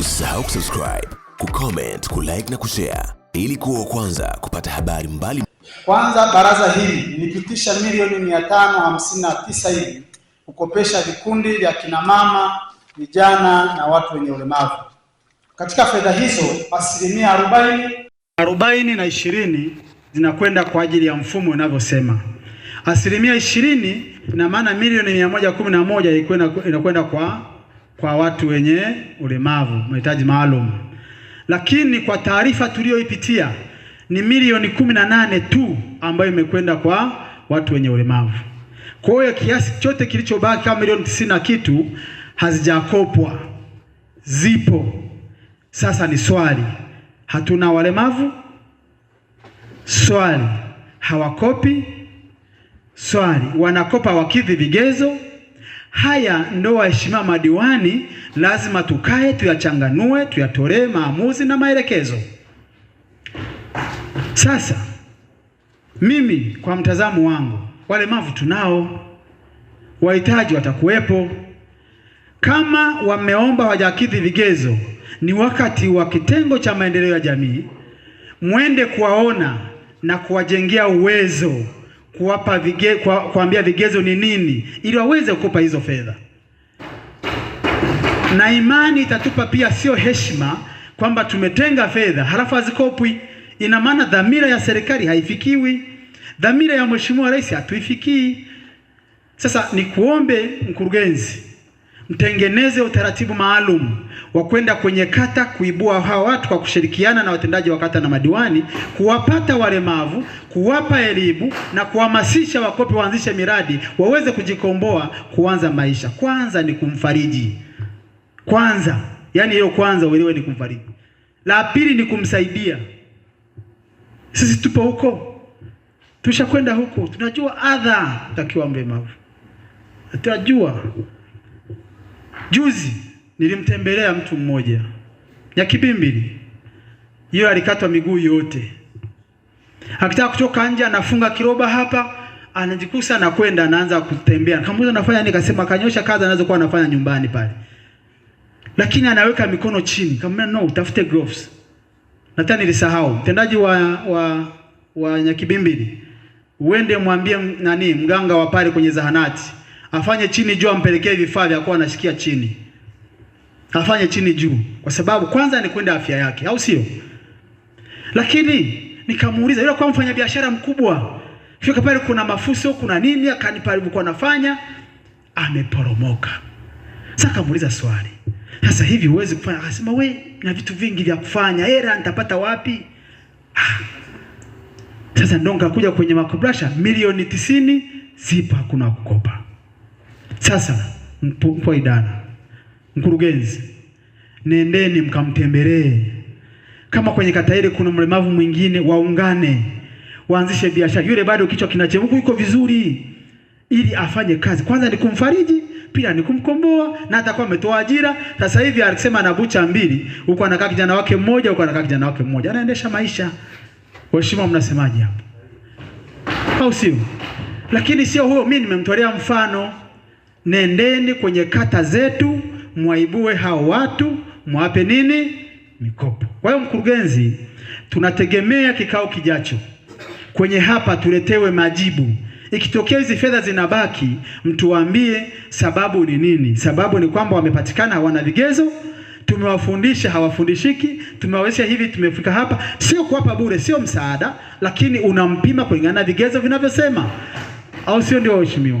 Usisahau kusubscribe, kucomment, kulike na kushare ili kuwa kwanza kupata habari mbali. Kwanza, baraza hili lilipitisha milioni 559 hivi kukopesha vikundi vya kina mama, vijana na watu wenye ulemavu. Katika fedha hizo asilimia arobaini arobaini na ishirini zinakwenda kwa ajili ya mfumo unavyosema asilimia ishirini na maana milioni mia moja kumi na moja inakwenda kwa kwa watu wenye ulemavu, mahitaji maalum. Lakini kwa taarifa tuliyoipitia ni milioni kumi na nane tu ambayo imekwenda kwa watu wenye ulemavu. Kwa hiyo kiasi chote kilichobaki kama milioni tisini na kitu hazijakopwa, zipo. Sasa ni swali, hatuna walemavu? Swali, hawakopi? Swali, wanakopa wakidhi vigezo Haya ndo waheshimiwa madiwani, lazima tukae tuyachanganue, tuyatolee maamuzi na maelekezo. Sasa mimi kwa mtazamo wangu, walemavu tunao, wahitaji watakuwepo. Kama wameomba wajakidhi vigezo, ni wakati wa kitengo cha maendeleo ya jamii, mwende kuwaona na kuwajengea uwezo kuwapa vige, kwa, kuambia vigezo ni nini ili waweze kukopa hizo fedha. Na imani itatupa pia sio heshima kwamba tumetenga fedha halafu hazikopwi. Ina maana dhamira ya serikali haifikiwi, dhamira ya Mheshimiwa Rais hatuifikii. Sasa nikuombe mkurugenzi mtengeneze utaratibu maalum wa kwenda kwenye kata kuibua hawa watu kwa kushirikiana na watendaji wa kata na madiwani, kuwapata walemavu, kuwapa elimu na kuhamasisha wakopi waanzishe miradi waweze kujikomboa, kuanza maisha. Kwanza ni kumfariji kwanza, yani hiyo kwanza uelewe ni kumfariji. La pili ni kumsaidia. Sisi tupo huko, tushakwenda huko, tunajua adha takiwa mlemavu, tunajua Juzi nilimtembelea mtu mmoja Nyakibimbili, hiyo alikatwa miguu yote, akitaka kutoka nje anafunga kiroba hapa, anajikusa na kwenda, anaanza kutembea. Nikamuuliza anafanya nini? Akasema kanyosha kazi anazokuwa anafanya nyumbani pale, lakini anaweka mikono chini. Nikamwambia no, utafute gloves. Nataka nilisahau mtendaji wa wa, wa Nyakibimbili, uende mwambie nani mganga wa pale kwenye zahanati afanye chini juu, ampelekee vifaa vya kuwa anasikia chini, afanye chini juu, kwa sababu kwanza ni kwenda afya yake, au sio? Lakini nikamuuliza yule kwa mfanya biashara mkubwa, fika pale, kuna mafuso, kuna nini, akanipa alivyokuwa anafanya, ameporomoka. Sasa kamuuliza swali, sasa hivi huwezi kufanya? Akasema we, na vitu vingi vya kufanya, hela nitapata wapi? Ah. Sasa ndo nikakuja kwenye makobrasha, milioni tisini zipo, hakuna kukopa. Sasa mkuu idara, mkurugenzi, nendeni mkamtembelee. Kama kwenye kata ile kuna mlemavu mwingine, waungane, waanzishe biashara. Yule bado kichwa kinachemuka, yuko vizuri, ili afanye kazi. Kwanza ni kumfariji, pia ni kumkomboa, na atakuwa ametoa ajira. Sasa hivi alisema ana bucha mbili, huko anakaa kijana wake mmoja, huko anakaa kijana wake mmoja, anaendesha maisha. Waheshimiwa, mnasemaje hapo, au sio? Lakini sio huyo, mimi nimemtolea mfano nendeni kwenye kata zetu mwaibue hao watu mwape nini mikopo. Kwa hiyo mkurugenzi, tunategemea kikao kijacho kwenye hapa tuletewe majibu. Ikitokea hizi fedha zinabaki, mtuambie sababu ni nini. Sababu ni kwamba wamepatikana hawana vigezo, tumewafundisha hawafundishiki, tumewawezesha hivi, tumefika hapa. Sio kuwapa bure, sio msaada, lakini unampima kulingana na vigezo vinavyosema, au sio? Ndio waheshimiwa.